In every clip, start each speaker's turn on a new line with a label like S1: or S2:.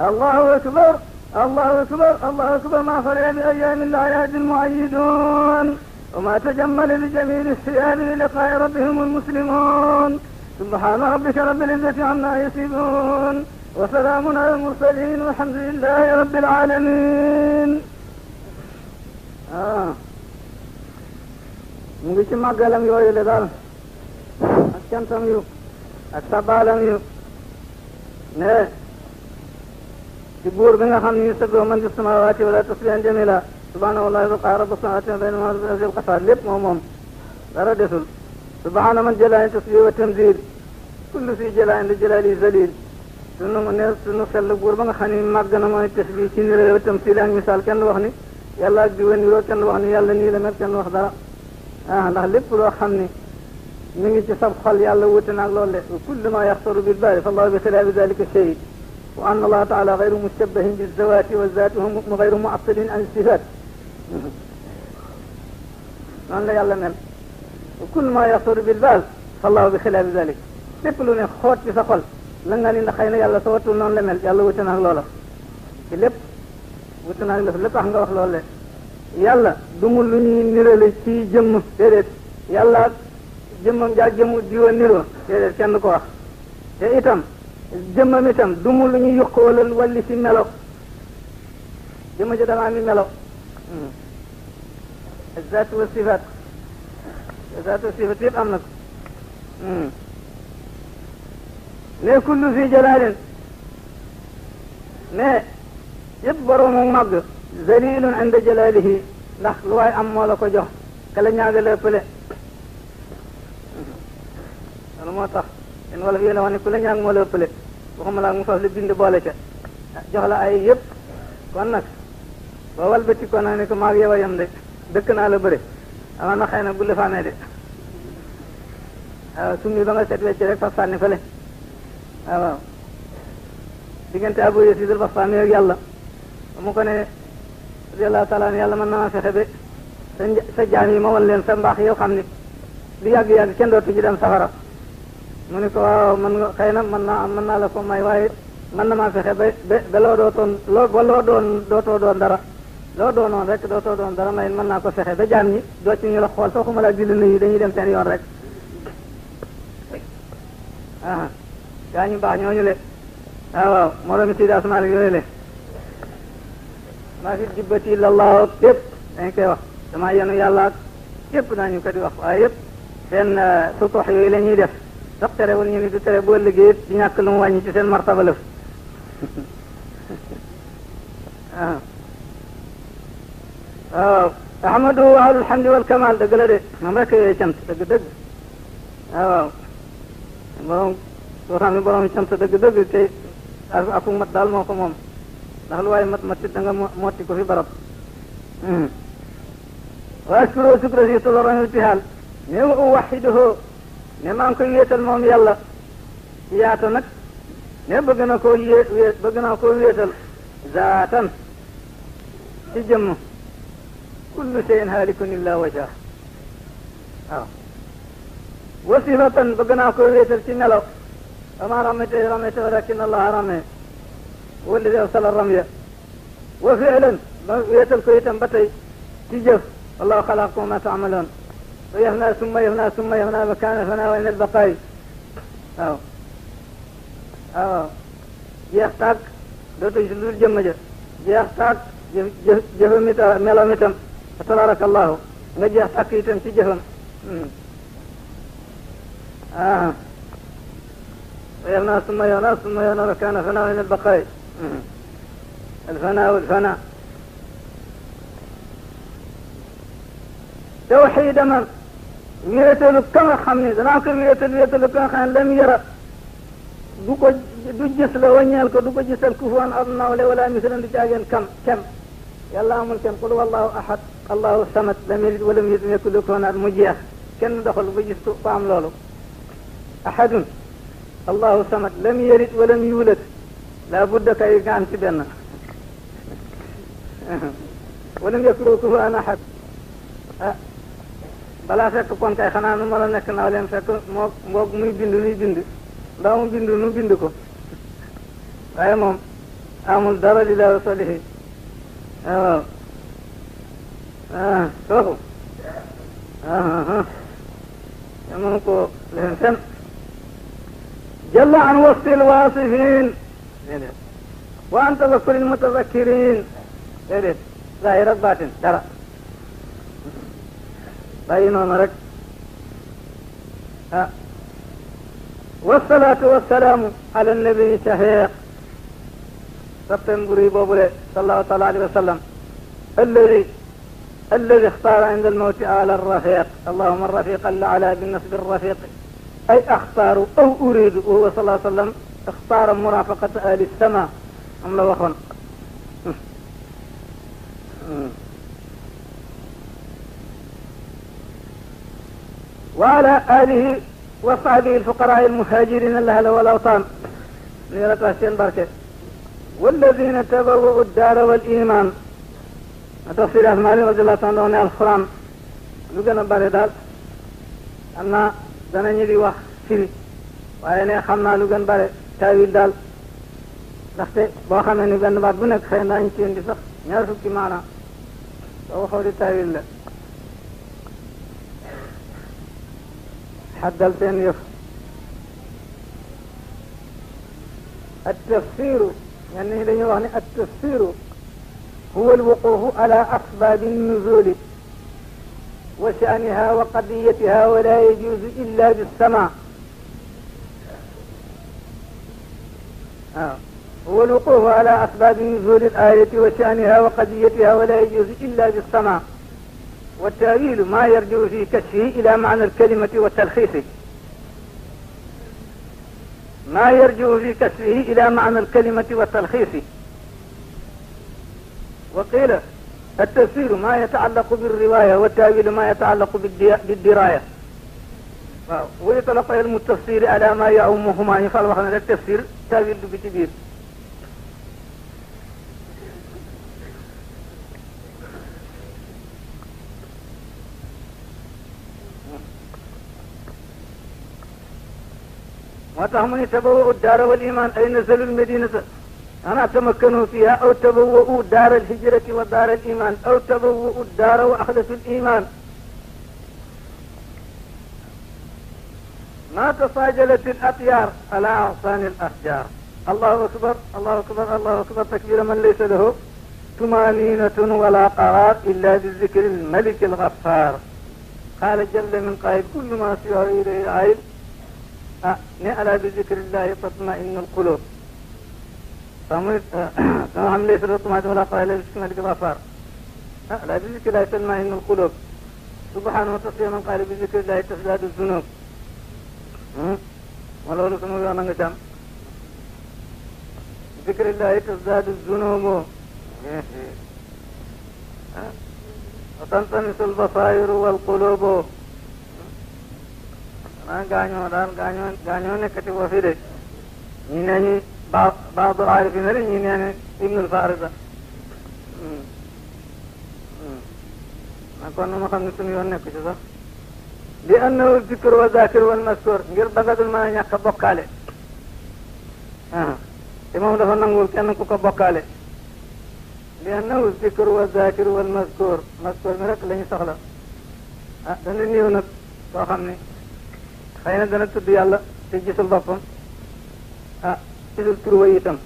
S1: الله أكبر الله أكبر الله أكبر ما فرع بأيام الله يهد المعيدون وما تجمل لجميل الثياب للقاء ربهم المسلمون سبحان ربك رب العزة عما يصفون وسلام على المرسلين والحمد لله رب العالمين ముంగిచ్చి మగ్గలం ఇవ్వ లేదా అత్యంతం అత్తబాలం నే يقول بين خلني يسبب من في السماوات ولا تسبيا جميلا سبحان الله يبقى رب السماوات بين ما في نزل قفا لب مهم سبحان من جلاء تسبيه وتمزيد كل في جلاء لجلاله زليل سنو من يرس سنو سل بور بنا خاني مات جنا ما يتسبيه كين رأي وتمثيل عن مثال كان لوحني يلا جوين يرو كان لوحني يلا نيل مر كان لوح دارا آه لا لب لو خاني نيجي تسب خال يلا وتناغلو كل ما يخطر بالبال فالله بسلاه بذلك الشهيد وأن الله تعالى غير مشبه بالزوات والذات وهم غير معطل عن الصفات أنا لا يعلم وكل ما يصور بالبال فالله بخلاف ذلك لكلون خوت في سقل لن نالي نخينا يالله صوت ونون لمل يالله وتنا هلولا كلب وتنا هلولا فلتا هنغا وخلولا يالله دمو لني نرلي تي جم تيرت يالله جمم جا جمو ديو نرو تيرت كان نكوا إيه تيرتم jëmmam itam du mu lu ñu yuqoolal walli si melo jëmm ji damaa mi melo hmm. zaatu wa sifaat zaatu wa sifaat yëpp am na ko hmm. ne kullu fi jalaalin ne yëpp boroomu màgg zalilun inda jalaalihi ndax lu waaye am moo la ko jox kala ñaaga léppale hmm. loolu moo tax seen wolof yéen a wax ne ku la ñaan moo la ëppale waxuma laa mu faf li bind boole ca ah, jox la ay yëpp kon nag boo walbati ko nag ne ko maa ngi yow de dëkk naa la bëre amaan na xëy na bu la faamee de waaw summi ba nga set wecc rek faf sànni fële waaw waaw yàlla mu ko ne radiyallahu taala ne yàlla mën na ma fexe ba sa sa yi ma wan leen sa mbaax yow xam ni lu yàgg-yàgg kenn dootu ñu dem safara mu ne ko waaw man nga xëy na mën naa am mën naa la ko may waaye man na maa fexe ba ba ba loo dootoon loo ba loo dootoo doon dara loo doonoon rek dootoo doon dara may man naa ko fexe ba jaam ñi doo ci ñu la xool soo ko mën a julli nañu dañuy dem seen yoon rek ah gaa ñu baax ñooñu le waaw ah, waaw moromi si daas Maalik yooyu le maa fi jibbati illallah yëpp dañ koy wax damaa yenu yàlla ak yëpp naa ñu ko di wax waaye yëpp seen ah, sutux yooyu la ñuy def docteur ñu ni tere boo liggéey du ñàkk lu mu wàññi ci seen martaba lëf waaw ahmadu ahlul hamdi wal kamal dëgg la de moom rek yooyu cant dëgg dëgg waaw borom koo xam ne borom cant dëgg dëgg te aku mat daal moo ko moom ndax lu waaye mat matit da nga motti ko fi barab wa ashkuru shukra si tolorami tihaal ñewa uwaxiduhu ne maa ngi koy wéetal moom yàlla yaata nag ne bëgg na koo yé wéet bëgg naa koo wéetal zaatan ci jëmm kullu shay'in halikun illa wajha waaw wa sifatan bëgg naa koo wéetal ci melo وما رميت إذ رميت ولكن الله رمي والذي أرسل الرمية وفعلا يتلك يتنبتي تجف الله خلقكم ما تعملون فيفنى ثم يفنى ثم يفنى مكان الفناء وإن البقاي أو أو يختك دوتو جلور جمجة يختك جفم ميلا متم فتبارك الله نجي يتم في جفم آه ويفنى ثم يفنى ثم يفنى مكان الفناء وإن البقاي الفناء والفناء توحيد من ويتلقى خمني ذناك ويتل ويتلقى خان لم يرى دوكا دوجس لا وانيال كو دوكا جيسال كوفان ارنا ولا ولا مثلا دجاجن كم كم يلا امن كم قل والله احد الله الصمد لم يلد ولم يكن له كل كون المجيه كن دخل بجستو فام لولو احد الله الصمد لم يلد ولم يولد لا بد كاي كان تبن ولم يكن له كفوا احد أه. balaa fekk kon kay xanaa nu mën a nekk naa leen fekk moo mboog muy bind nuy bind mbaa mu bind nu bind ko waaye moom amul dara li dara solihi waaw kooku mënu ko leen fen jalla an wasfi lwaasifin déedéet wa an tawakkuli lmutazakkirin déedéet zahir ak baatin dara بعدين عمرك والصلاة والسلام على النبي شهيق سبتم قريب أبولي صلى الله عليه وسلم الذي الذي اختار عند الموت آل الرفيق اللهم الرفيق الأعلى بالنسب الرفيق أي أختار أو أريد وهو صلى الله عليه وسلم اختار مرافقة آل السماء أم لو أخن وعلى آله وصحبه الفقراء المهاجرين الأهل والأوطان نيرة أحسين بركة والذين تبوؤوا الدار والإيمان أتصل أثمالي رضي الله عنه عنه القرآن لقنا باردال أنا زنني لي واخ سيري waaye خمنا لقنا بارد تاويل دال bare بوخنا نقنا ndaxte بنك xamee إنتين benn baat bu nekk xëy naa ñu حد يا يفهم التفسير يعني إليه يعني التفسير هو الوقوف على أسباب النزول وشأنها وقضيتها ولا يجوز إلا بالسماع آه. هو الوقوف على أسباب نزول الآية وشأنها وقضيتها ولا يجوز إلا بالسماع والتأويل ما يرجع في كشفه إلى معنى الكلمة والتلخيص ما يرجع في كشفه إلى معنى الكلمة والتلخيص وقيل التفسير ما يتعلق بالرواية والتأويل ما يتعلق بالدراية ويطلق علم التفسير على ما يعمهما يفعل وخنا التفسير تأويل بتبير أتاهم أن الدار والإيمان أي نزلوا المدينة أنا تمكنوا فيها أو تبوؤوا دار الهجرة ودار الإيمان أو تبوؤوا الدار وأحدثوا الإيمان ما تصاجلت الأطيار على أغصان الأحجار الله أكبر الله أكبر الله أكبر تكبير من ليس له طمانينة ولا قرار إلا بذكر الملك الغفار قال جل من قائل كل ما سوى إليه عائل ألا آه، بذكر الله تطمئن القلوب فهم ليس الطمأنينة ولا قال قائل باسم الغفار ألا آه، بذكر الله تطمئن القلوب سبحانه وتعالى من قال بذكر الله تزداد الذنوب ولو لكم يوانا نجم بذكر الله تزداد الذنوب آه، وتنطمس البصائر والقلوب maa gaañoo daal gaañoo gaañoo nekkati boo fi de ñi nee ñu ba babu aarifina rek ñi nee ne farida hmm. hmm. ah, kon nu ma xam ne suñu yoon nekk ci sax li annahu zikr wa zakir wal maskur ngir danga dul mën a ñàkk a bokkaale ah. te moom dafa nanguwul kenn ku ko bokkaale li annahu zikr wa zakir wal maskur maskur mi rek la ñu soxla ah dana néew nag soo xam ne أين دلت تدي الله تيجي سلبا فم ها تيجي تروى يتم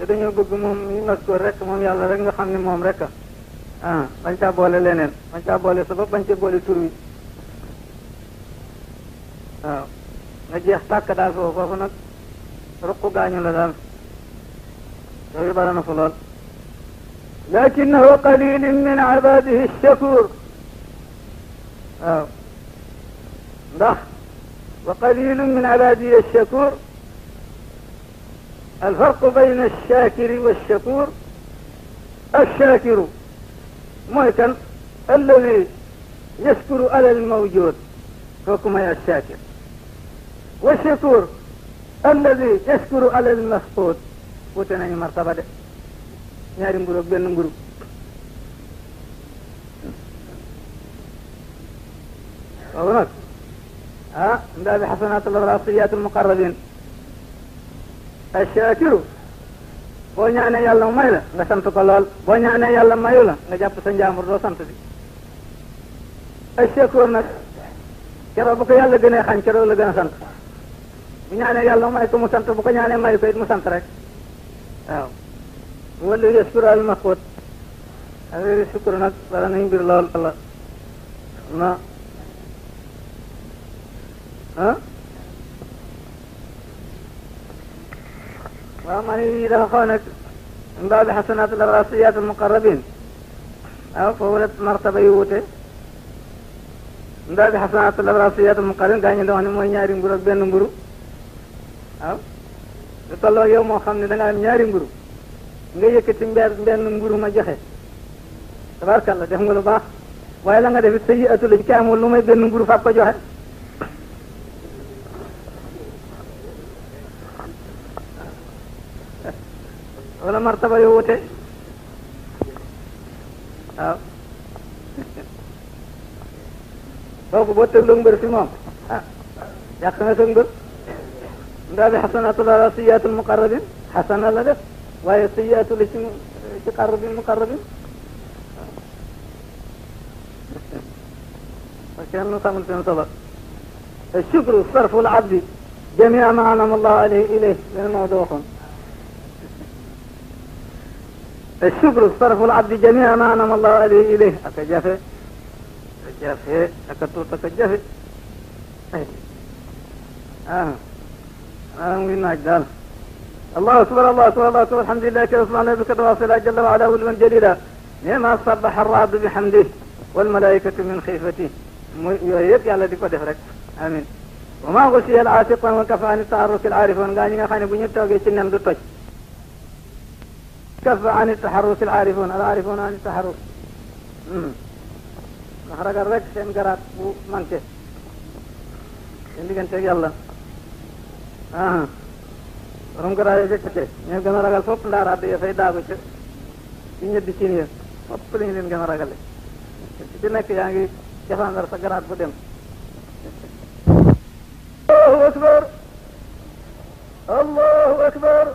S1: لدن يوم بقوم مين نذكر رك مم يالله رك خامن مم رك ها بنتا بولا لينن بنتا بولا سلبا بنتا بولا تروى ها نجي أستا كدا سو فهنا ركوا غاني لدان تقول بارنا فلول لكنه قليل من عباده الشكور آه. وقليل من عبادي الشكور الفرق بين الشاكر والشكور الشاكر مهتم الذي يشكر على الموجود حكم يا الشاكر والشكور الذي يشكر على المفقود وتنعي مرتبة يا رمبرو mburu نمبرو benn من باب حسنات الراسيات المقربين الشاكر بو نانا يالا مايلا نا سانت كو لول بو نانا يالا مايولا نا جاب سان جامور دو سانت دي الشاكر نا كرو بو يالا غني خان كرو لا غنا سانت بو نانا يالا ماي كو مو سانت بو نانا ماي كو مو سانت رك آه. واو هو اللي يشكر المخوت هذا الشكر نا بلا نيم بير لول الله نا ومن يريدها خونك من باب حسنات الراسيات المقربين او فولت مرتبة يوتي من باب حسنات الراسيات المقربين قاني دوان موين ياري مبرو بين مبرو او يطلو يوم وخمني دنان ياري مبرو نجي كتن بين مبرو ما جخي تبارك الله جهنگلو باخ وإلا نجد في السيئة لجكام ولومي بين مبرو فاقو جوهر ولا مرتبة يوتي أو أو بوت اللون برسمهم آه. يا خنا سندر ده حسن أطلع سيئات المقربين حسن الله ده وهي سيئات الاسم تقرب المقربين آه. وكان نصمد في نصبر الشكر صرف العبد جميع ما علم الله عليه إليه من الموضوع الشكر صرف العبد جميع ما أنعم الله عليه إليه أكجفه أكجفه أكتو تكجفه آه آه من أجدال الله أكبر الله أكبر الله أكبر الحمد لله كيف سبحانه بك واصلا جل وعلا من جليلا نعم صبح الرعد بحمده والملائكة من خيفته يهيك على يعني ذيك ودفرك آمين وما غشي العاتق وكفى عن التعرف العارف وانغاني خاني بنيتا النمد مدتش كف عن التحرش العارفون العارفون عن التحرش مهرج الرك شن قرات ومنك اللي كان تجي الله آه رم قرات جت جت نيم كنا رجال فوق لا رات يا سيد أبو شت إني بتشيني فوق لين لين كنا رجال تجينا كي يعني كيف أنا رسق قرات بدم الله أكبر الله أكبر